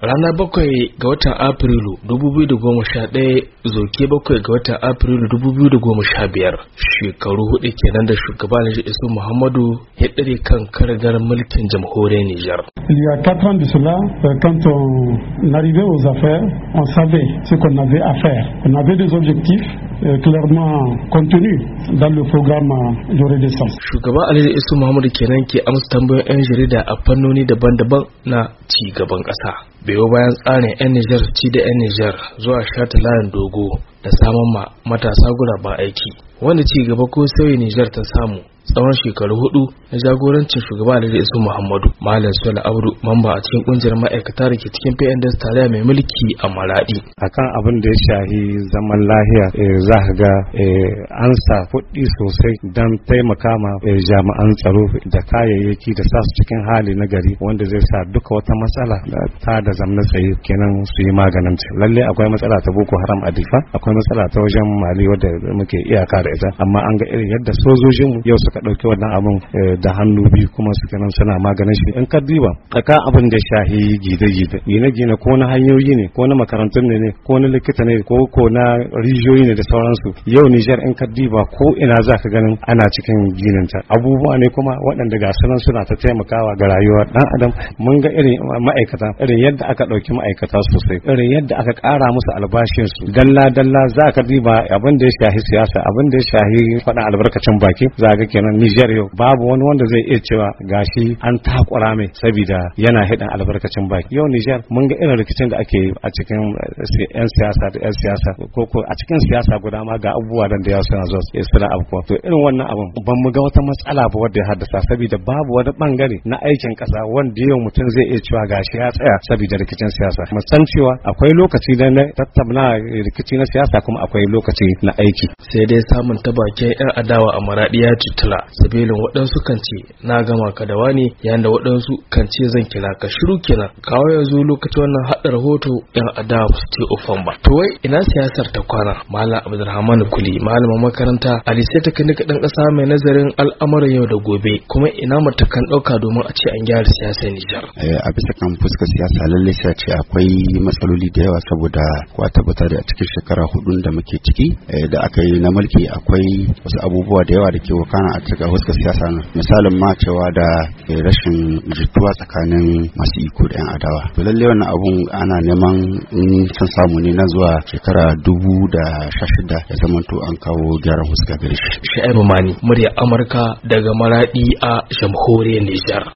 Ranar bakwai ga watan Afrilu 2011 zoke bakwai ga watan Afrilu 2015 shekaru hudu kenan da shugaban Isu Muhammadu ya dare kan karagar mulkin jamhuriyar Nijar. Il y a quatre ans de cela, euh, quand on arrivait aux affaires, on savait ce qu'on avait à faire. On avait des objectifs Euh, clairement contenu dans le programme euh, de redescence. Shugaba Ali Isu Muhammadu kenan ke amsa tambayoyin 'yan jarida a fannoni daban-daban na ci gaban ƙasa. Bayo bayan tsarin 'yan Nijar ci da 'yan Nijar zuwa shata layin dogo da samun ma matasa ba aiki. Wanda ci gaba ko sauyi Nijar ta samu tsawon shekaru hudu na jagorancin shugaba da Isu Muhammadu Malam Sule Abdu mamba a cikin kungiyar ma'aikata da ke cikin PNDS tarayya mai mulki a Maradi akan abin da ya shahi zaman lahiya eh, za ka ga eh, an sa kuɗi sosai don taimaka ma eh, jami'an tsaro da kayayyaki da sasu cikin hali na gari wanda zai sa duka wata matsala ta da zamna tsaye kenan su yi maganin ta lalle akwai matsala ta boko haram a difa akwai matsala ta wajen mali wadda muke iyaka da ita amma an ga irin yadda sojojinmu yau suka ɗauki wannan abin eh, da hannu biyu kuma suke nan suna maganin shi in ka diba tsaka abin da shahi gida gida gine-gine ko na hanyoyi ne ko na makarantun ne ko na likita ne ko ko na rijiyoyi ne da sauransu yau Nijar in ka diba ko ina za ka ganin ana cikin ginin ta abubuwa ne kuma waɗanda ga sunan suna ta taimakawa ga rayuwar ɗan adam mun ga irin ma'aikata irin yadda aka ɗauki ma'aikata sosai irin yadda aka ƙara musu albashinsu dalla dalla za ka diba abin da ya shahi siyasa abin da ya shahi faɗa albarkacin baki za ke kenan Niger yau babu wani wanda zai iya cewa gashi an takura mai saboda yana hidan albarkacin baki yau Niger mun ga irin rikicin da ake a cikin eh, yan siyasa da yan siyasa ko ko a cikin siyasa guda ma ga abubuwa da ya suna zuwa eh, suna abubuwa to irin wannan abun ban mu ga wata matsala ba wadda ya haddasa saboda babu wani bangare na aikin kasa wanda yau mutum zai iya cewa gashi ya tsaya saboda rikicin siyasa mu san cewa akwai lokaci da na tattauna rikici na siyasa kuma akwai lokaci na aiki sai dai samun ta yan adawa a maradi ya kila sabilin waɗansu kan ce na gama ka da wani yayin da waɗansu kan ce zan kira ka shiru kenan kawo yanzu lokacin wannan haɗa rahoto yan adawa su ce ofan ba to wai ina siyasar ta kwana malam abdulrahman kuli malamin makaranta alisai ta kani kaɗan ƙasa mai nazarin al'amuran yau da gobe kuma ina matakan ɗauka domin a ce an gyara siyasar nijar eh, a bisa kan fuskar siyasa lallai sai ce akwai matsaloli da yawa saboda ko a tabbata da a cikin shekara hudun da muke ciki eh, da aka yi na mulki akwai wasu abubuwa da yawa da ke wakana a ga huskar siyasa nan misalin ma cewa da rashin jituwa tsakanin masu iko da 'yan adawa to lalle wannan abun ana neman in san samu ne na zuwa shekara dubu da sha shida ya to an kawo gyaran huska gari shi sha'ibu murya amurka daga maradi a jamhuriyar nijar